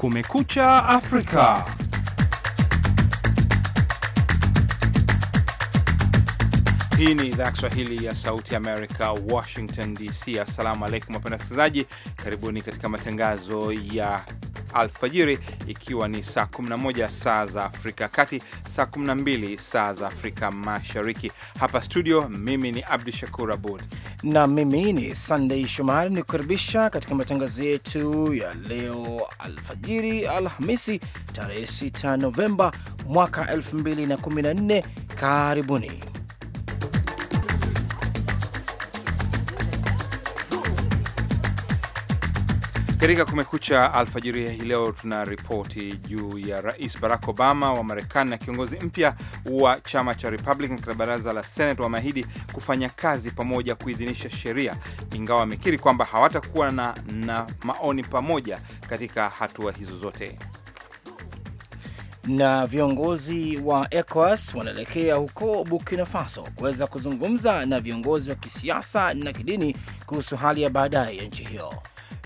Kumekucha Afrika. Hii ni idhaa ya Kiswahili ya Sauti Amerika, Washington DC. Assalamu alaikum, wapenda wasikilizaji, karibuni katika matangazo ya alfajiri, ikiwa ni saa 11 saa za Afrika Kati, saa 12 saa za Afrika Mashariki. Hapa studio, mimi ni Abdu Shakur Abud na mimi ni sandei Shomari, ni kukaribisha katika matangazo yetu ya leo alfajiri, Alhamisi tarehe 6 Novemba mwaka 2014. Karibuni. Katika Kumekucha alfajiri hii leo tuna ripoti juu ya Rais Barack Obama wa Marekani na kiongozi mpya wa chama cha Republican katika baraza la Senate wameahidi kufanya kazi pamoja kuidhinisha sheria, ingawa wamekiri kwamba hawatakuwa na, na maoni pamoja katika hatua hizo zote. Na viongozi wa ECOWAS wanaelekea huko Burkina Faso kuweza kuzungumza na viongozi wa kisiasa na kidini kuhusu hali ya baadaye ya nchi hiyo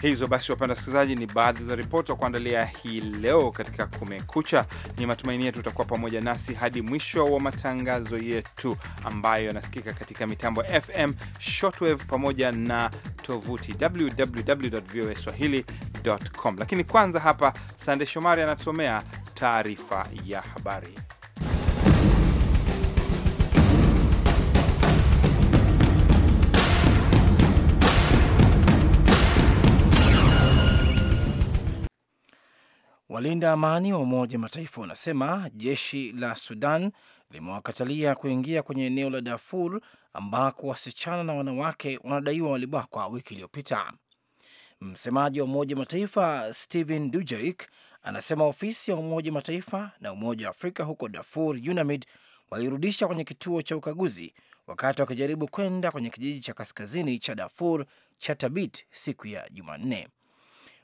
hizo basi, wapenda wasikilizaji, ni baadhi za ripoti za kuandalia hii leo katika Kumekucha. Ni matumaini yetu utakuwa pamoja nasi hadi mwisho wa matangazo yetu ambayo yanasikika katika mitambo ya FM, shortwave pamoja na tovuti www voa swahilicom Lakini kwanza hapa, Sande Shomari anatusomea taarifa ya habari. Walinda amani wa Umoja Mataifa wanasema jeshi la Sudan limewakatalia kuingia kwenye eneo la Darfur ambako wasichana na wanawake wanadaiwa walibakwa wiki iliyopita. Msemaji wa Umoja Mataifa Stephen Dujerik anasema ofisi ya Umoja Mataifa na Umoja wa Afrika huko Darfur, UNAMID, walirudisha kwenye kituo cha ukaguzi wakati wakijaribu kwenda kwenye kijiji cha kaskazini cha Darfur cha Tabit siku ya Jumanne.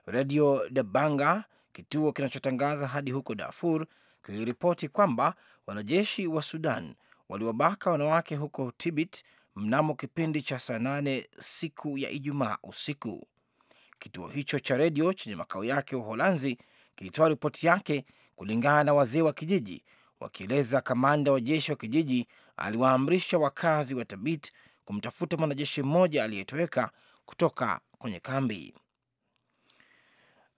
Redio Dabanga kituo kinachotangaza hadi huko Darfur kiliripoti kwamba wanajeshi wa Sudan waliwabaka wanawake huko Tibit mnamo kipindi cha saa nane siku ya Ijumaa usiku. Kituo hicho cha redio chenye makao yake Uholanzi kilitoa ripoti yake kulingana na wazee wa kijiji, wakieleza kamanda wa jeshi wa kijiji aliwaamrisha wakazi wa Tabit kumtafuta mwanajeshi mmoja aliyetoweka kutoka kwenye kambi.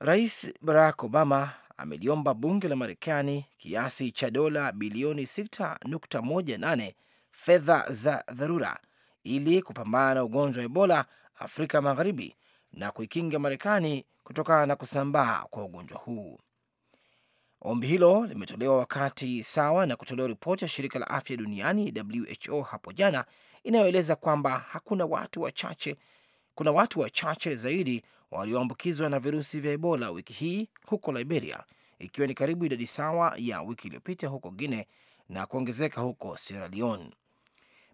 Rais Barack Obama ameliomba bunge la Marekani kiasi cha dola bilioni 6.18 fedha za dharura ili kupambana na ugonjwa wa Ebola Afrika Magharibi na kuikinga Marekani kutokana na kusambaa kwa ugonjwa huu. Ombi hilo limetolewa wakati sawa na kutolewa ripoti ya shirika la afya duniani WHO hapo jana inayoeleza kwamba hakuna watu wachache kuna watu wachache zaidi walioambukizwa na virusi vya Ebola wiki hii huko Liberia, ikiwa ni karibu idadi sawa ya wiki iliyopita huko Guine na kuongezeka huko Sierra Leone.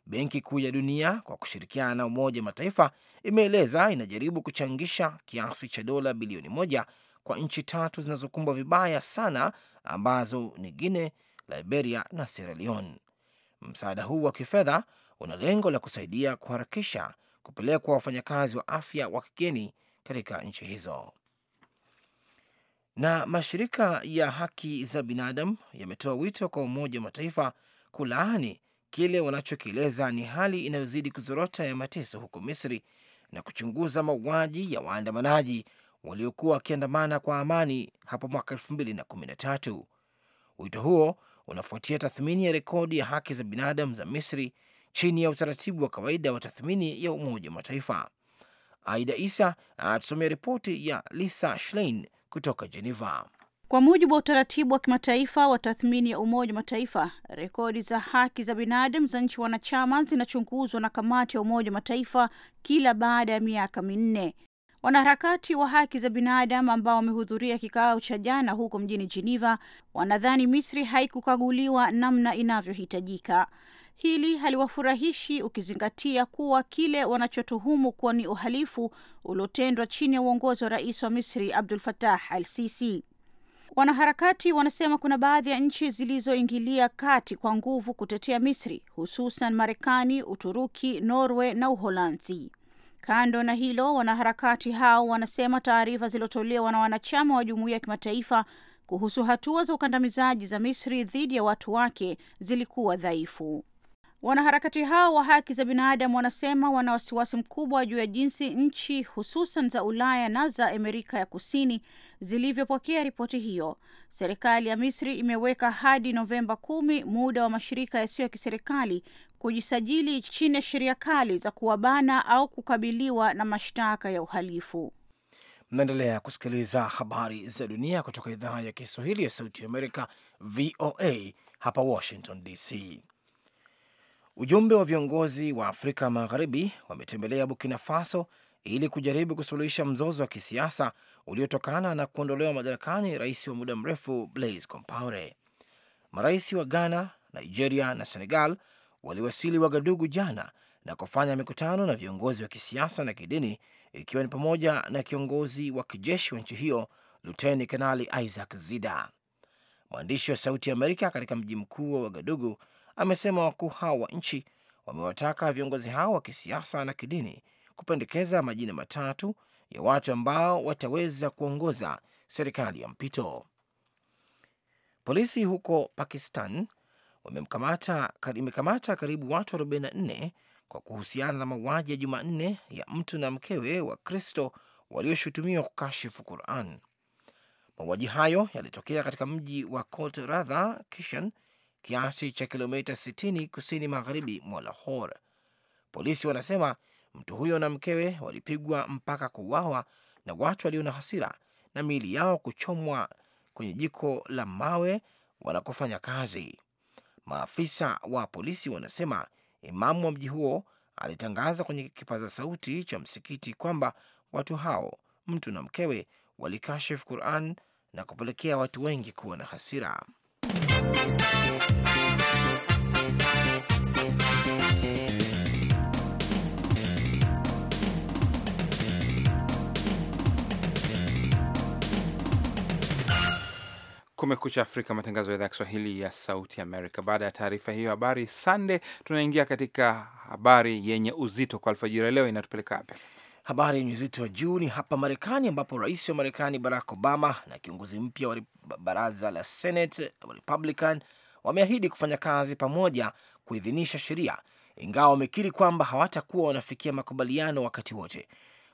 Benki Kuu ya Dunia kwa kushirikiana na Umoja Mataifa imeeleza inajaribu kuchangisha kiasi cha dola bilioni moja kwa nchi tatu zinazokumbwa vibaya sana ambazo ni Guine, Liberia na Sierra Leone. Msaada huu wa kifedha una lengo la kusaidia kuharakisha kupelekwa wafanyakazi wa afya wa kigeni katika nchi hizo. Na mashirika ya haki za binadamu yametoa wito kwa Umoja wa Mataifa kulaani kile wanachokieleza ni hali inayozidi kuzorota ya mateso huko Misri na kuchunguza mauaji ya waandamanaji waliokuwa wakiandamana kwa amani hapo mwaka 2013. Wito huo unafuatia tathmini ya rekodi ya haki za binadamu za Misri chini ya utaratibu wa kawaida wa tathmini ya Umoja wa Mataifa. Aida Isa anatusomea ripoti ya Lisa Schlein kutoka Geneva. Kwa mujibu wa utaratibu wa kimataifa wa tathmini ya Umoja wa Mataifa, rekodi za haki za binadamu za nchi wanachama zinachunguzwa na kamati ya Umoja wa Mataifa kila baada ya miaka minne. Wanaharakati wa haki za binadamu ambao wamehudhuria kikao cha jana huko mjini Geneva wanadhani Misri haikukaguliwa namna inavyohitajika. Hili haliwafurahishi ukizingatia kuwa kile wanachotuhumu kuwa ni uhalifu uliotendwa chini ya uongozi wa rais wa Misri Abdul fatah al Sisi. Wanaharakati wanasema kuna baadhi ya nchi zilizoingilia kati kwa nguvu kutetea Misri, hususan Marekani, Uturuki, Norwe na Uholanzi. Kando na hilo, wanaharakati hao wanasema taarifa zilizotolewa na wanachama wa jumuiya ya kimataifa kuhusu hatua za ukandamizaji za Misri dhidi ya watu wake zilikuwa dhaifu. Wanaharakati hao wa haki za binadamu wanasema wana wasiwasi mkubwa juu ya jinsi nchi hususan za Ulaya na za Amerika ya Kusini zilivyopokea ripoti hiyo. Serikali ya Misri imeweka hadi Novemba kumi muda wa mashirika yasiyo ya kiserikali kujisajili chini ya sheria kali za kuwabana au kukabiliwa na mashtaka ya uhalifu. Mnaendelea kusikiliza habari za dunia kutoka idhaa ya Kiswahili ya Sauti ya Amerika, VOA hapa Washington DC. Ujumbe wa viongozi wa Afrika Magharibi wametembelea Burkina Faso ili kujaribu kusuluhisha mzozo wa kisiasa uliotokana na kuondolewa madarakani rais wa muda mrefu Blaise Compaore. Marais wa Ghana, Nigeria na Senegal waliwasili Wagadugu jana na kufanya mikutano na viongozi wa kisiasa na kidini, ikiwa ni pamoja na kiongozi wa kijeshi wa nchi hiyo Luteni Kanali Isaac Zida. Mwandishi wa Sauti ya Amerika katika mji mkuu wa Wagadugu amesema wakuu hao wa nchi wamewataka viongozi hao wa kisiasa na kidini kupendekeza majina matatu ya watu ambao wataweza kuongoza serikali ya mpito. Polisi huko Pakistan imekamata karibu watu 44 kwa kuhusiana na mauaji ya Jumanne ya mtu na mkewe wa Kristo walioshutumiwa kukashifu Quran. Mauaji hayo yalitokea katika mji wa Kolt Radha Kishan kiasi cha kilomita 60 kusini magharibi mwa Lahore. Polisi wanasema mtu huyo na mkewe walipigwa mpaka kuuawa na watu walio na hasira na miili yao kuchomwa kwenye jiko la mawe wanakofanya kazi. Maafisa wa polisi wanasema imamu wa mji huo alitangaza kwenye kipaza sauti cha msikiti kwamba watu hao, mtu na mkewe, walikashifu Quran na kupelekea watu wengi kuwa na hasira. Kumekucha Afrika, matangazo ya idhaa ya Kiswahili ya Sauti Amerika. Baada ya taarifa hiyo habari Sande, tunaingia katika habari yenye uzito kwa alfajiri ya leo. Inatupeleka wapi? Habari yenye uzito wa juu ni hapa Marekani, ambapo rais wa Marekani Barack Obama na kiongozi mpya wa baraza la Senate wa Republican wameahidi kufanya kazi pamoja kuidhinisha sheria, ingawa wamekiri kwamba hawatakuwa wanafikia makubaliano wakati wote.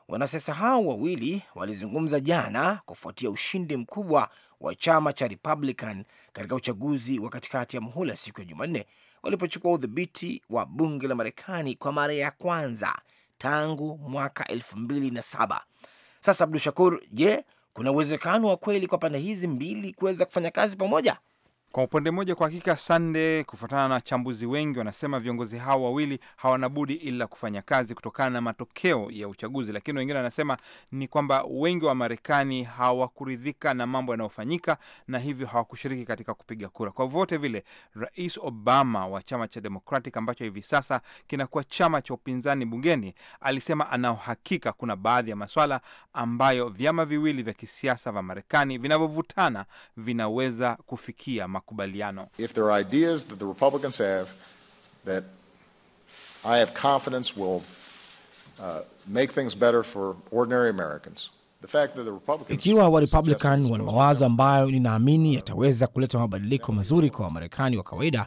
Wanasiasa hao wawili walizungumza jana kufuatia ushindi mkubwa wa chama cha Republican katika uchaguzi wa katikati ya muhula siku ya Jumanne, walipochukua udhibiti wa bunge la Marekani kwa mara ya kwanza tangu mwaka elfu mbili na saba. Sasa Abdu Shakur, je, kuna uwezekano wa kweli kwa pande hizi mbili kuweza kufanya kazi pamoja? Kwa upande mmoja, kwa hakika sande, kufuatana na wachambuzi wengi wanasema viongozi hao wawili hawana budi ila kufanya kazi kutokana na matokeo ya uchaguzi, lakini wengine wanasema ni kwamba wengi wa Marekani hawakuridhika na mambo yanayofanyika na hivyo hawakushiriki katika kupiga kura. Kwa vyote vile, Rais Obama wa chama cha Democratic ambacho hivi sasa kinakuwa chama cha upinzani bungeni alisema anaohakika kuna baadhi ya maswala ambayo vyama viwili vya kisiasa vya Marekani vinavyovutana vinaweza kufikia makubaliano. If there are ideas that the Republicans have that I have confidence will uh, make things better for ordinary Americans. The fact that the Republicans ikiwa wa Republican wana mawazo ambayo ninaamini yataweza kuleta mabadiliko mazuri kwa Wamarekani wa kawaida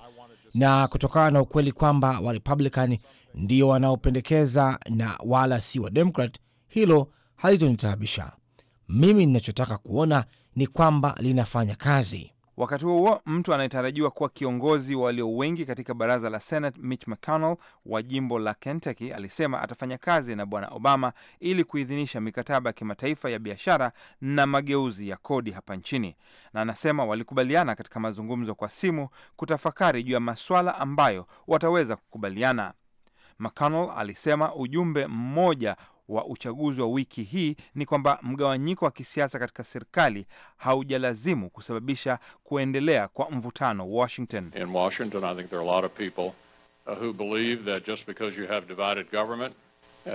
na kutokana na ukweli kwamba wa Republican ndio wanaopendekeza na wala si wa Democrat, hilo halitonitaabisha mimi. Ninachotaka kuona ni kwamba linafanya kazi. Wakati huo mtu anayetarajiwa kuwa kiongozi walio wengi katika baraza la Senate Mitch McConnell wa jimbo la Kentucky alisema atafanya kazi na bwana Obama ili kuidhinisha mikataba ya kimataifa ya biashara na mageuzi ya kodi hapa nchini, na anasema walikubaliana katika mazungumzo kwa simu kutafakari juu ya maswala ambayo wataweza kukubaliana. McConnell alisema ujumbe mmoja wa uchaguzi wa wiki hii ni kwamba mgawanyiko wa kisiasa katika serikali haujalazimu kusababisha kuendelea kwa mvutano Washington. In Washington, I think there are a lot of people uh, who believe that just because you have divided government,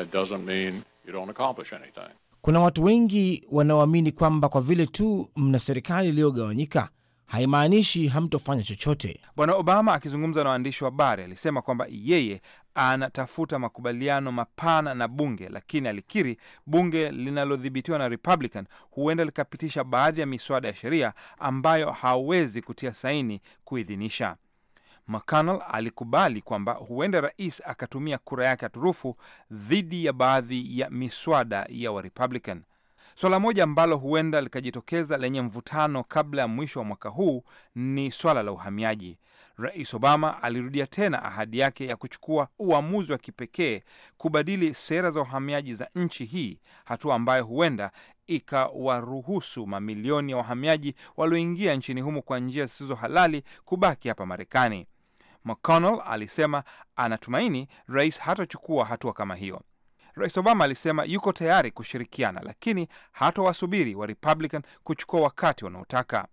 it doesn't mean you don't accomplish anything. Kuna watu wengi wanaoamini kwamba kwa vile tu mna serikali iliyogawanyika haimaanishi hamtofanya chochote. Bwana Obama akizungumza na waandishi wa habari alisema kwamba yeye anatafuta makubaliano mapana na bunge, lakini alikiri bunge linalodhibitiwa na Republican huenda likapitisha baadhi ya miswada ya sheria ambayo hawezi kutia saini kuidhinisha. McConnell alikubali kwamba huenda rais akatumia kura yake ya turufu dhidi ya baadhi ya miswada ya Warepublican. Swala moja ambalo huenda likajitokeza lenye mvutano kabla ya mwisho wa mwaka huu ni swala la uhamiaji. Rais Obama alirudia tena ahadi yake ya kuchukua uamuzi wa kipekee kubadili sera za uhamiaji za nchi hii, hatua ambayo huenda ikawaruhusu mamilioni ya wahamiaji walioingia nchini humo kwa njia zisizo halali kubaki hapa Marekani. McConnell alisema anatumaini rais hatochukua hatua kama hiyo. Rais Obama alisema yuko tayari kushirikiana, lakini hatowasubiri wa Republican kuchukua wakati wanaotaka.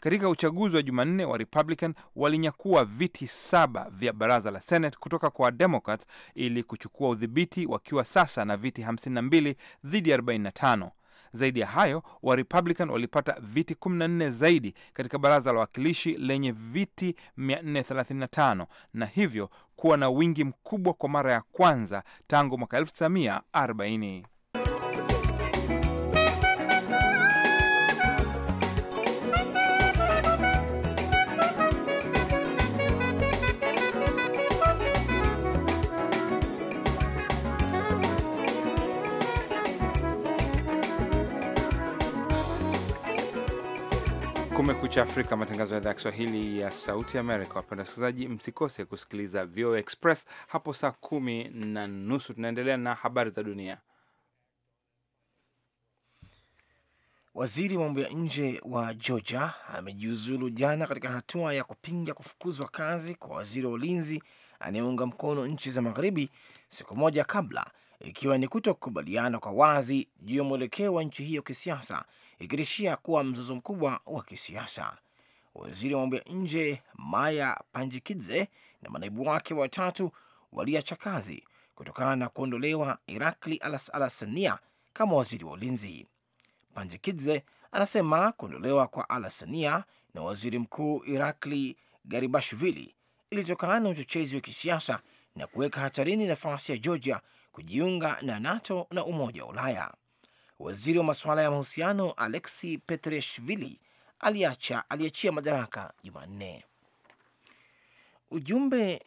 Katika uchaguzi wa Jumanne wa Republican walinyakua viti saba vya baraza la Senate kutoka kwa Democrats ili kuchukua udhibiti, wakiwa sasa na viti 52 dhidi ya 45. Zaidi ya hayo wa Republican walipata viti 14 zaidi katika baraza la wawakilishi lenye viti 435 na hivyo kuwa na wingi mkubwa kwa mara ya kwanza tangu mwaka 1940. Kumekucha Afrika, matangazo ya idhaa ya Kiswahili ya Sauti Amerika. Wapenda wasikilizaji, msikose kusikiliza VOA Express hapo saa kumi na nusu. Tunaendelea na habari za dunia. Waziri wa mambo ya nje wa Georgia amejiuzulu jana katika hatua ya kupinga kufukuzwa kazi kwa waziri wa ulinzi anayeunga mkono nchi za Magharibi, siku moja kabla, ikiwa ni kuto kukubaliana kwa wazi juu ya mwelekeo wa nchi hiyo kisiasa ikitishia kuwa mzozo mkubwa wa kisiasa. Waziri wa mambo ya nje Maya Panjikidze na manaibu wake watatu waliacha kazi kutokana na kuondolewa Irakli Alasania kama waziri wa ulinzi. Panjikidze anasema kuondolewa kwa Alasania na waziri mkuu Irakli Garibashvili ilitokana na uchochezi wa kisiasa na kuweka hatarini nafasi ya Georgia kujiunga na NATO na Umoja wa Ulaya waziri wa masuala ya mahusiano Alexi Petreshvili aliacha aliachia madaraka Jumanne. Ujumbe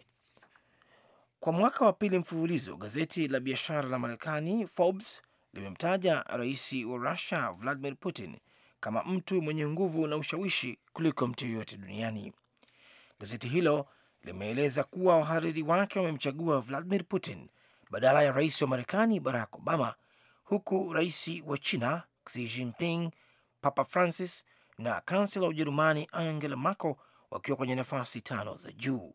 kwa mwaka wa pili mfululizo, gazeti la biashara la Marekani Forbes limemtaja rais wa Russia Vladimir Putin kama mtu mwenye nguvu na ushawishi kuliko mtu yoyote duniani. Gazeti hilo limeeleza kuwa wahariri wake wamemchagua Vladimir Putin badala ya rais wa Marekani Barack Obama huku rais wa China Xi Jinping, Papa Francis na kansela wa Ujerumani Angela Merkel wakiwa kwenye nafasi tano za juu.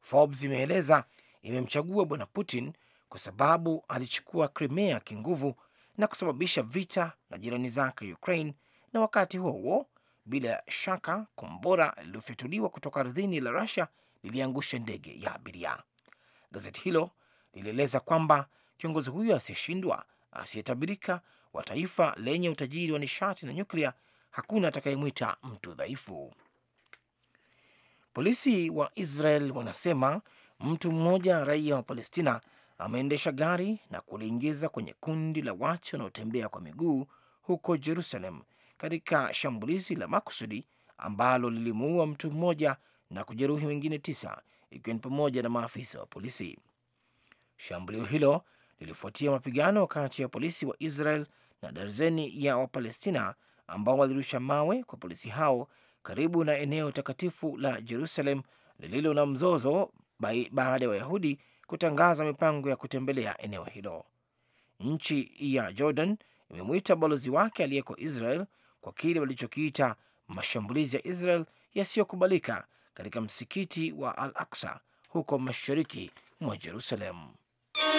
Forbes imeeleza imemchagua bwana Putin kwa sababu alichukua Crimea kinguvu na kusababisha vita na jirani zake Ukraine, na wakati huo huo, bila shaka, kombora lililofyatuliwa kutoka ardhini la Rusia liliangusha ndege ya abiria. Gazeti hilo lilieleza kwamba kiongozi huyo asiyeshindwa asiyetabirika wa taifa lenye utajiri wa nishati na nyuklia, hakuna atakayemwita mtu dhaifu. Polisi wa Israel wanasema mtu mmoja raia wa Palestina ameendesha gari na kuliingiza kwenye kundi la watu wanaotembea kwa miguu huko Jerusalem katika shambulizi la makusudi ambalo lilimuua mtu mmoja na kujeruhi wengine tisa ikiwa ni pamoja na maafisa wa polisi. Shambulio hilo lilifuatia mapigano kati ya polisi wa Israel na darzeni ya Wapalestina ambao walirusha mawe kwa polisi hao karibu na eneo takatifu la Jerusalem lililo na mzozo baada ya Wayahudi kutangaza mipango ya kutembelea eneo hilo. Nchi ya Jordan imemwita balozi wake aliyeko Israel kwa kile walichokiita mashambulizi ya Israel yasiyokubalika katika msikiti wa Al Aksa huko mashariki mwa Jerusalem.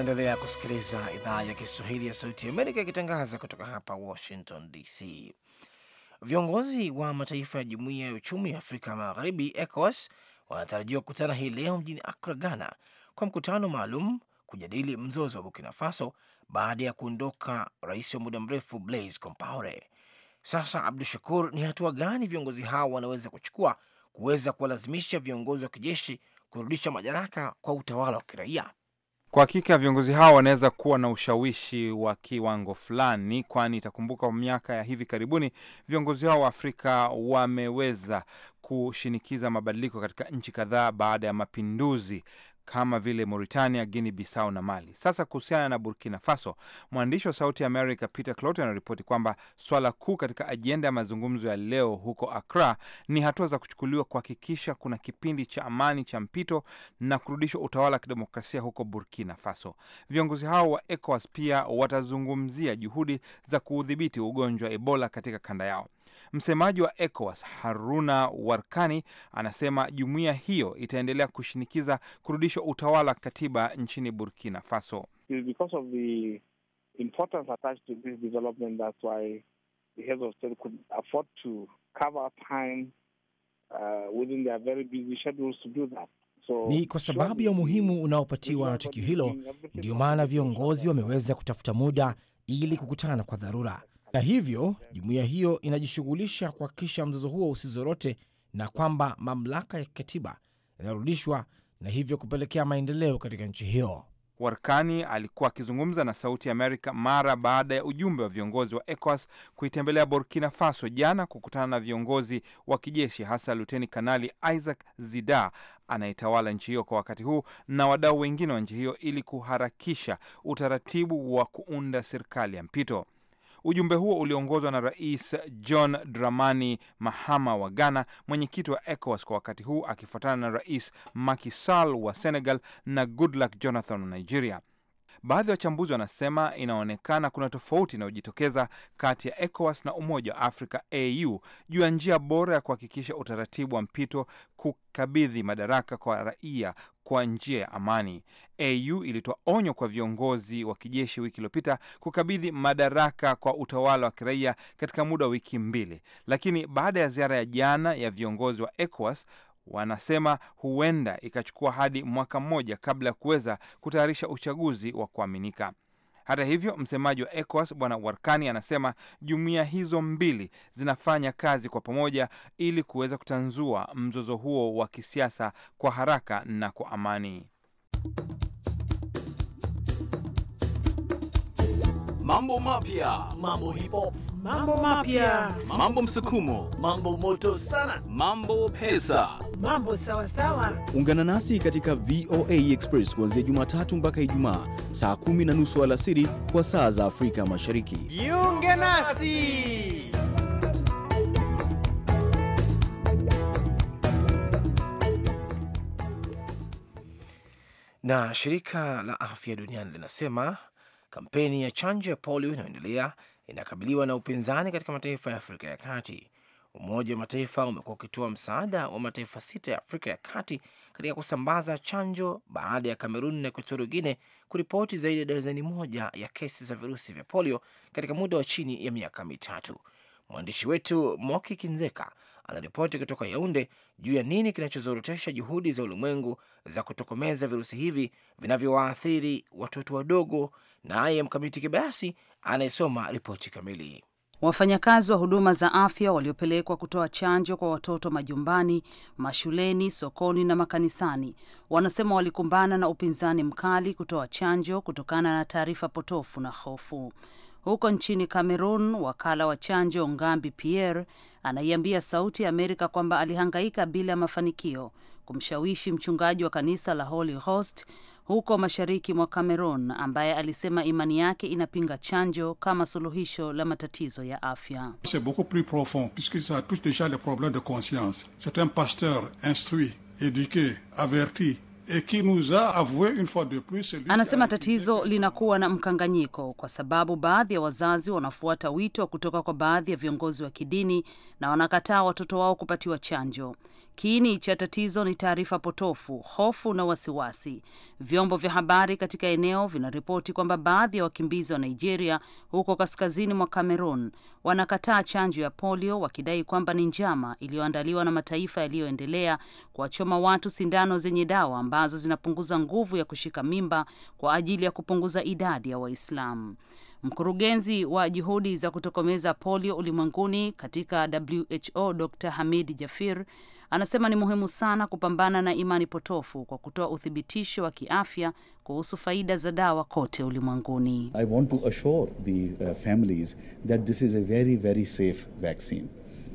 Unaendelea kusikiliza idhaa ya Kiswahili ya Sauti ya Amerika ikitangaza kutoka hapa Washington DC. Viongozi wa mataifa ya Jumuiya ya Uchumi ya Afrika Magharibi, ECOWAS, wanatarajiwa kukutana hii leo mjini acra Ghana, kwa mkutano maalum kujadili mzozo wa Burkina Faso baada ya kuondoka rais wa muda mrefu Blaise Compaore. Sasa, Abdu Shakur, ni hatua gani viongozi hao wanaweza kuchukua kuweza kuwalazimisha viongozi wa kijeshi kurudisha madaraka kwa utawala wa kiraia? Kwa hakika viongozi hao wanaweza kuwa na ushawishi wa kiwango fulani, kwani itakumbuka miaka ya hivi karibuni viongozi hao wa Afrika wameweza kushinikiza mabadiliko katika nchi kadhaa baada ya mapinduzi kama vile Mauritania, Guinea Bissau na Mali. Sasa kuhusiana na Burkina Faso, mwandishi wa Sauti ya America Peter Cloton anaripoti kwamba swala kuu katika ajenda ya mazungumzo ya leo huko Accra ni hatua za kuchukuliwa kuhakikisha kuna kipindi cha amani cha mpito na kurudishwa utawala wa kidemokrasia huko Burkina Faso. Viongozi hao wa ECOWAS pia watazungumzia juhudi za kuudhibiti ugonjwa wa Ebola katika kanda yao. Msemaji wa ECOWAS Haruna Warkani anasema jumuiya hiyo itaendelea kushinikiza kurudishwa utawala wa katiba nchini Burkina Faso. Uh, Ni kwa sababu ya umuhimu unaopatiwa na tukio hilo, ndiyo maana viongozi wameweza kutafuta muda ili kukutana kwa dharura na hivyo jumuiya hiyo inajishughulisha kuhakikisha mzozo huo usizorote na kwamba mamlaka ya kikatiba yanarudishwa na hivyo kupelekea maendeleo katika nchi hiyo. Warkani alikuwa akizungumza na Sauti ya Amerika mara baada ya ujumbe wa viongozi wa ECOWAS kuitembelea Burkina Faso jana kukutana na viongozi wa kijeshi, hasa Luteni Kanali Isaac Zida anayetawala nchi hiyo kwa wakati huu na wadau wengine wa nchi hiyo ili kuharakisha utaratibu wa kuunda serikali ya mpito. Ujumbe huo uliongozwa na Rais John Dramani Mahama wa Ghana, mwenyekiti wa ECOWAS kwa wakati huu, akifuatana na Rais Macky Sall wa Senegal na Goodluck Jonathan wa Nigeria. Baadhi ya wachambuzi wanasema inaonekana kuna tofauti inayojitokeza kati ya ECOWAS na Umoja wa Afrika au juu ya njia bora ya kuhakikisha utaratibu wa mpito kukabidhi madaraka kwa raia kwa njia ya amani. AU ilitoa onyo kwa viongozi wa kijeshi wiki iliyopita kukabidhi madaraka kwa utawala wa kiraia katika muda wa wiki mbili, lakini baada ya ziara ya jana ya viongozi wa ECOWAS wanasema huenda ikachukua hadi mwaka mmoja kabla ya kuweza kutayarisha uchaguzi wa kuaminika. Hata hivyo, msemaji wa ECOWAS Bwana Warkani anasema jumuiya hizo mbili zinafanya kazi kwa pamoja ili kuweza kutanzua mzozo huo wa kisiasa kwa haraka na kwa amani. Mambo mapya, mambo hip hop mambo mapya, mambo msukumo, mambo moto sana, mambo pesa, mambo sawa sawa. Ungana nasi katika VOA Express kuanzia Jumatatu mpaka Ijumaa saa kumi na nusu alasiri kwa saa za Afrika Mashariki. Jiunge nasi. Na shirika la afya duniani linasema kampeni ya chanjo ya polio inayoendelea inakabiliwa na upinzani katika mataifa ya Afrika ya Kati. Umoja wa Mataifa umekuwa ukitoa msaada wa mataifa sita ya Afrika ya Kati katika kusambaza chanjo baada ya Kamerun na Equatorial Guinea kuripoti zaidi ya darzeni moja ya kesi za virusi vya polio katika muda wa chini ya miaka mitatu. Mwandishi wetu Moki Kinzeka anaripoti kutoka Yaunde juu ya nini kinachozorotesha juhudi za ulimwengu za kutokomeza virusi hivi vinavyowaathiri watoto wadogo. Naye Mkamiti Kibayasi anayesoma ripoti kamili. Wafanyakazi wa huduma za afya waliopelekwa kutoa chanjo kwa watoto majumbani, mashuleni, sokoni na makanisani wanasema walikumbana na upinzani mkali kutoa chanjo kutokana na taarifa potofu na hofu. Huko nchini Cameroon, wakala wa chanjo Ngambi Pierre anaiambia Sauti ya Amerika kwamba alihangaika bila mafanikio kumshawishi mchungaji wa kanisa la Holy Host huko mashariki mwa Cameroon ambaye alisema imani yake inapinga chanjo kama suluhisho la matatizo ya afya. pasteur instruit, éduqué, averti Anasema tatizo linakuwa na mkanganyiko kwa sababu baadhi ya wazazi wanafuata wito kutoka kwa baadhi ya viongozi wa kidini na wanakataa watoto wao kupatiwa chanjo. Kiini cha tatizo ni taarifa potofu, hofu na wasiwasi. Vyombo vya habari katika eneo vinaripoti kwamba baadhi ya wakimbizi wa Nigeria huko kaskazini mwa Cameroon wanakataa chanjo ya polio, wakidai kwamba ni njama iliyoandaliwa na mataifa yaliyoendelea kuwachoma watu sindano zenye dawa ambazo zinapunguza nguvu ya kushika mimba kwa ajili ya kupunguza idadi ya Waislamu. Mkurugenzi wa juhudi za kutokomeza polio ulimwenguni katika WHO Dr Hamid Jafir Anasema ni muhimu sana kupambana na imani potofu kwa kutoa uthibitisho wa kiafya kuhusu faida za dawa kote ulimwenguni. I want to assure the uh, families that this is a very, very safe vaccine.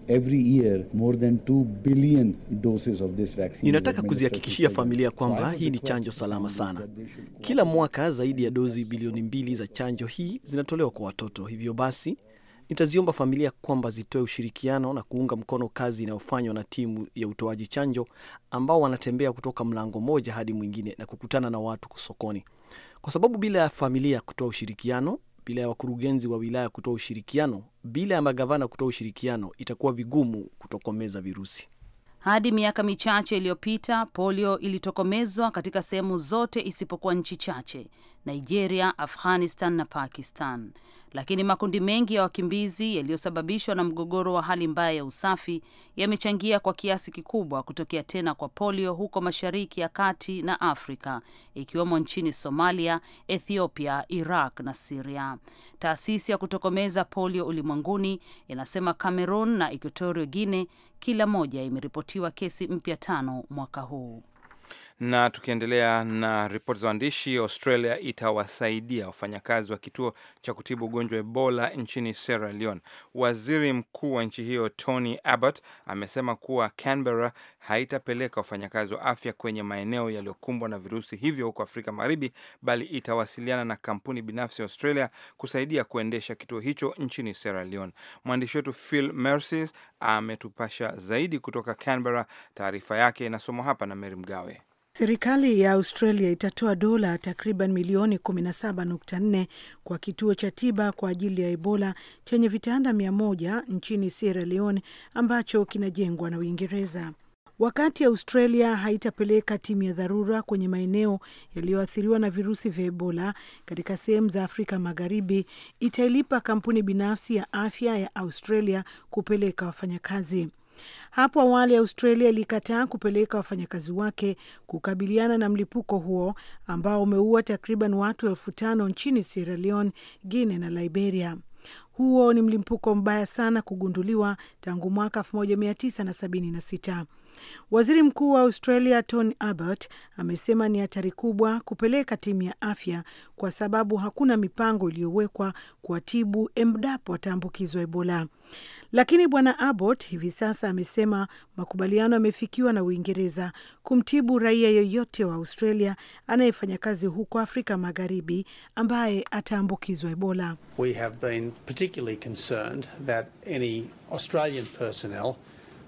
Every year, more than 2 billion doses of this vaccine. kuzihakikishia familia kwamba hii ni chanjo salama sana. Kila mwaka zaidi ya dozi bilioni mbili za chanjo hii zinatolewa kwa watoto. Hivyo basi nitaziomba familia kwamba zitoe ushirikiano na kuunga mkono kazi inayofanywa na timu ya utoaji chanjo ambao wanatembea kutoka mlango mmoja hadi mwingine na kukutana na watu sokoni, kwa sababu bila ya familia kutoa ushirikiano, bila ya wakurugenzi wa wilaya kutoa ushirikiano, bila ya magavana kutoa ushirikiano, itakuwa vigumu kutokomeza virusi. Hadi miaka michache iliyopita polio ilitokomezwa katika sehemu zote isipokuwa nchi chache, Nigeria, Afghanistan na Pakistan. Lakini makundi mengi ya wakimbizi yaliyosababishwa na mgogoro wa hali mbaya ya usafi yamechangia kwa kiasi kikubwa kutokea tena kwa polio huko Mashariki ya Kati na Afrika, ikiwemo nchini Somalia, Ethiopia, Iraq na Siria. Taasisi ya kutokomeza polio ulimwenguni inasema Cameroon na Equatorio Guine kila moja imeripotiwa kesi mpya tano mwaka huu. Na tukiendelea na ripoti za waandishi, Australia itawasaidia wafanyakazi wa kituo cha kutibu ugonjwa Ebola nchini Sierra Leone. Waziri mkuu wa nchi hiyo Tony Abbott amesema kuwa Canberra haitapeleka wafanyakazi wa afya kwenye maeneo yaliyokumbwa na virusi hivyo huko Afrika Magharibi, bali itawasiliana na kampuni binafsi ya Australia kusaidia kuendesha kituo hicho nchini Sierra Leone. Mwandishi wetu Phil Mercy ametupasha zaidi kutoka Canberra. Taarifa yake inasomwa hapa na Meri Mgawe. Serikali ya Australia itatoa dola takriban milioni 17.4 kwa kituo cha tiba kwa ajili ya Ebola chenye vitanda 100 nchini Sierra Leone ambacho kinajengwa na Uingereza. Wakati Australia haitapeleka timu ya dharura kwenye maeneo yaliyoathiriwa na virusi vya Ebola katika sehemu za Afrika Magharibi, itailipa kampuni binafsi ya afya ya Australia kupeleka wafanyakazi. Hapo awali Australia ilikataa kupeleka wafanyakazi wake kukabiliana na mlipuko huo ambao umeua takriban watu elfu tano nchini Sierra Leone, Guinea na Liberia. Huo ni mlipuko mbaya sana kugunduliwa tangu mwaka 1976. Waziri Mkuu wa Australia Tony Abbott amesema ni hatari kubwa kupeleka timu ya afya kwa sababu hakuna mipango iliyowekwa kuwatibu endapo ataambukizwa Ebola. Lakini Bwana Abbott hivi sasa amesema makubaliano yamefikiwa na Uingereza kumtibu raia yoyote wa Australia anayefanya kazi huko Afrika Magharibi ambaye ataambukizwa Ebola. We have been particularly concerned that any Australian personnel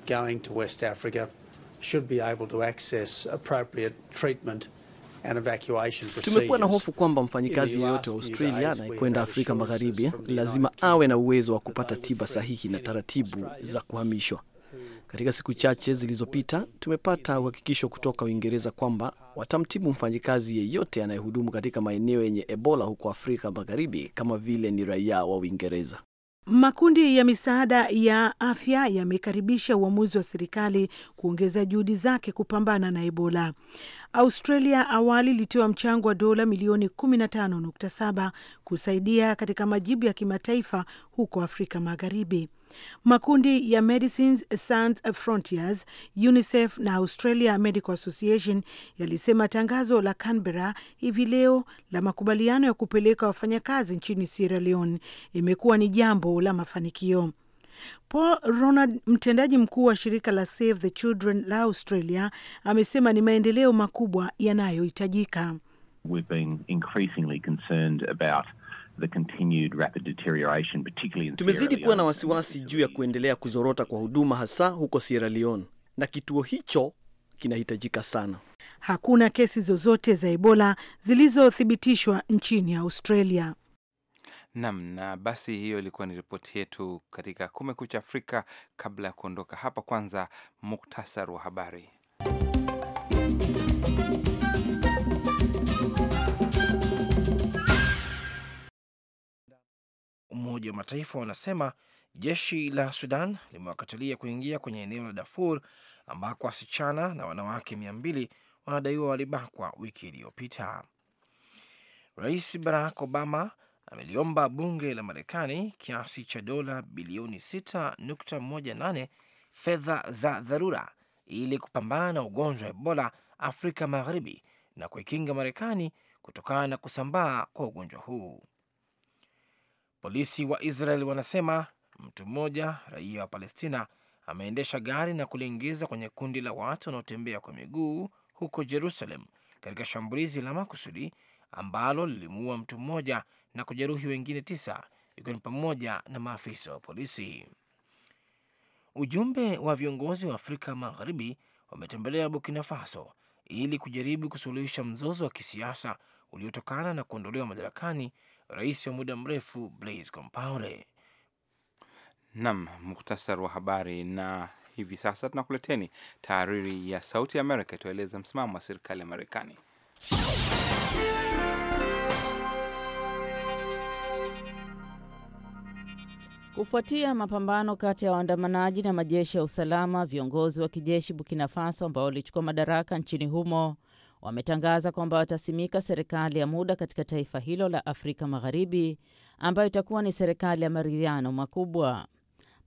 going to West Africa should be able to access appropriate treatment Tumekuwa na hofu kwamba mfanyikazi yeyote wa Australia anayekwenda Afrika Magharibi lazima awe na uwezo wa kupata tiba sahihi na taratibu za kuhamishwa. Katika siku chache zilizopita, tumepata uhakikisho kutoka Uingereza kwamba watamtibu mfanyikazi yeyote anayehudumu katika maeneo yenye Ebola huko Afrika Magharibi kama vile ni raia wa Uingereza. Makundi ya misaada ya afya yamekaribisha uamuzi wa serikali kuongeza juhudi zake kupambana na Ebola. Australia awali ilitoa mchango wa dola milioni 15.7 kusaidia katika majibu ya kimataifa huko Afrika Magharibi. Makundi ya Medicines Sans Frontiers, UNICEF na Australia Medical Association yalisema tangazo la Canberra hivi leo la makubaliano ya kupeleka wafanyakazi nchini Sierra Leone imekuwa ni jambo la mafanikio. Paul Ronald, mtendaji mkuu wa shirika la Save the Children la Australia, amesema ni maendeleo makubwa yanayohitajika. We've been increasingly concerned about Tumezidi kuwa na wasiwasi juu ya kuendelea kuzorota kwa huduma hasa huko Sierra Leone, na kituo hicho kinahitajika sana. Hakuna kesi zozote za Ebola zilizothibitishwa nchini Australia. Nam na basi, hiyo ilikuwa ni ripoti yetu katika Kumekucha Afrika. Kabla ya kuondoka hapa, kwanza muktasar wa habari. Umoja wa Mataifa wanasema jeshi la Sudan limewakatalia kuingia kwenye eneo la Darfur ambako wasichana na wanawake mia mbili wanadaiwa walibakwa wiki iliyopita. Rais Barack Obama ameliomba bunge la Marekani kiasi cha dola bilioni 6.18 fedha za dharura ili kupambana na ugonjwa wa Ebola Afrika Magharibi na kuikinga Marekani kutokana na kusambaa kwa ugonjwa huu. Polisi wa Israel wanasema mtu mmoja raia wa Palestina ameendesha gari na kuliingiza kwenye kundi la watu wanaotembea kwa miguu huko Jerusalem katika shambulizi la makusudi ambalo lilimuua mtu mmoja na kujeruhi wengine tisa ikiwa ni pamoja na maafisa wa polisi. Ujumbe wa viongozi wa Afrika Magharibi wametembelea Burkina Faso ili kujaribu kusuluhisha mzozo wa kisiasa uliotokana na kuondolewa madarakani rais wa muda mrefu Blaise Compaore. Nam muktasar wa habari na hivi sasa tunakuleteni taariri ya Sauti ya Amerika itaeleza msimamo wa serikali ya Marekani. Kufuatia mapambano kati ya waandamanaji na majeshi ya usalama, viongozi wa kijeshi Burkina Faso ambao walichukua madaraka nchini humo wametangaza kwamba watasimika serikali ya muda katika taifa hilo la Afrika Magharibi ambayo itakuwa ni serikali ya maridhiano makubwa.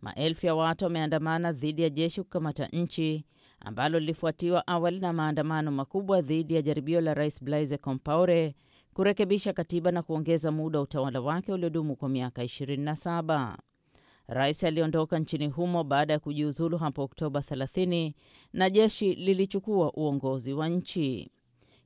Maelfu ya watu wameandamana dhidi ya jeshi kukamata nchi ambalo lilifuatiwa awali na maandamano makubwa dhidi ya jaribio la Rais Blaise Compaore kurekebisha katiba na kuongeza muda wa utawala wake uliodumu kwa miaka 27. Rais aliondoka nchini humo baada ya kujiuzulu hapo Oktoba 30 na jeshi lilichukua uongozi wa nchi.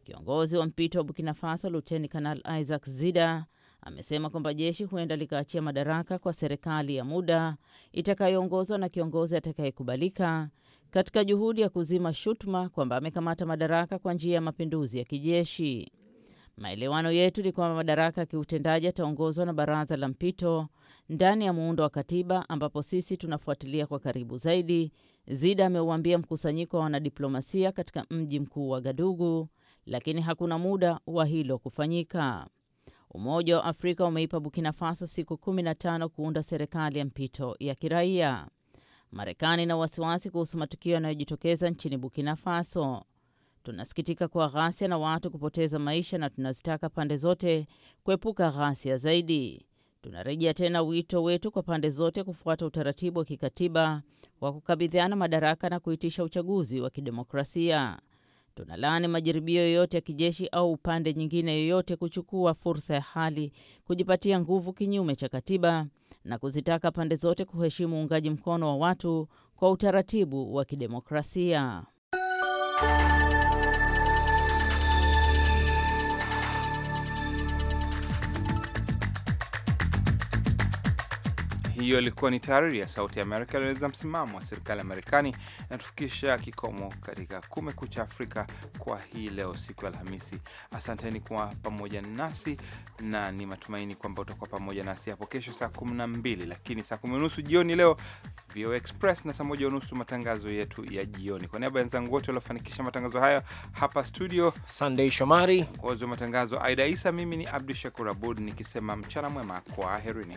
Kiongozi wa mpito wa Burkina Faso Luteni Kanal Isaac Zida amesema kwamba jeshi huenda likaachia madaraka kwa serikali ya muda itakayoongozwa na kiongozi atakayekubalika katika juhudi ya kuzima shutuma kwamba amekamata madaraka kwa njia ya mapinduzi ya kijeshi. Maelewano yetu ni kwamba madaraka ya kiutendaji yataongozwa na baraza la mpito ndani ya muundo wa katiba, ambapo sisi tunafuatilia kwa karibu zaidi, Zida ameuambia mkusanyiko wa wanadiplomasia katika mji mkuu wa Gadugu lakini hakuna muda wa hilo kufanyika. Umoja wa Afrika umeipa Burkina Faso siku 15 kuunda serikali ya mpito ya kiraia. Marekani ina wasiwasi kuhusu matukio yanayojitokeza nchini Burkina Faso. Tunasikitika kwa ghasia na watu kupoteza maisha na tunazitaka pande zote kuepuka ghasia zaidi. Tunarejea tena wito wetu kwa pande zote kufuata utaratibu wa kikatiba wa kukabidhiana madaraka na kuitisha uchaguzi wa kidemokrasia. Tunalaani majaribio yoyote ya kijeshi au upande nyingine yoyote kuchukua fursa ya hali kujipatia nguvu kinyume cha katiba na kuzitaka pande zote kuheshimu uungaji mkono wa watu kwa utaratibu wa kidemokrasia. Hiyo ilikuwa ni tahariri ya Sauti ya Amerika ilieleza msimamo wa serikali ya Marekani. natufikisha kikomo katika Kumekucha Afrika kwa hii leo, siku ya Alhamisi. Asanteni kwa pamoja nasi, na ni matumaini kwamba utakuwa pamoja nasi hapo kesho saa kumi na mbili, lakini saa kumi unusu jioni leo VOA Express na saa moja unusu matangazo yetu ya jioni. Kwa niaba ya wenzangu wote waliofanikisha matangazo hayo hapa studio, Sandei Shomari ozi wa matangazo, Aida Isa, mimi ni Abdu Shakur Abud nikisema mchana mwema, kwa herini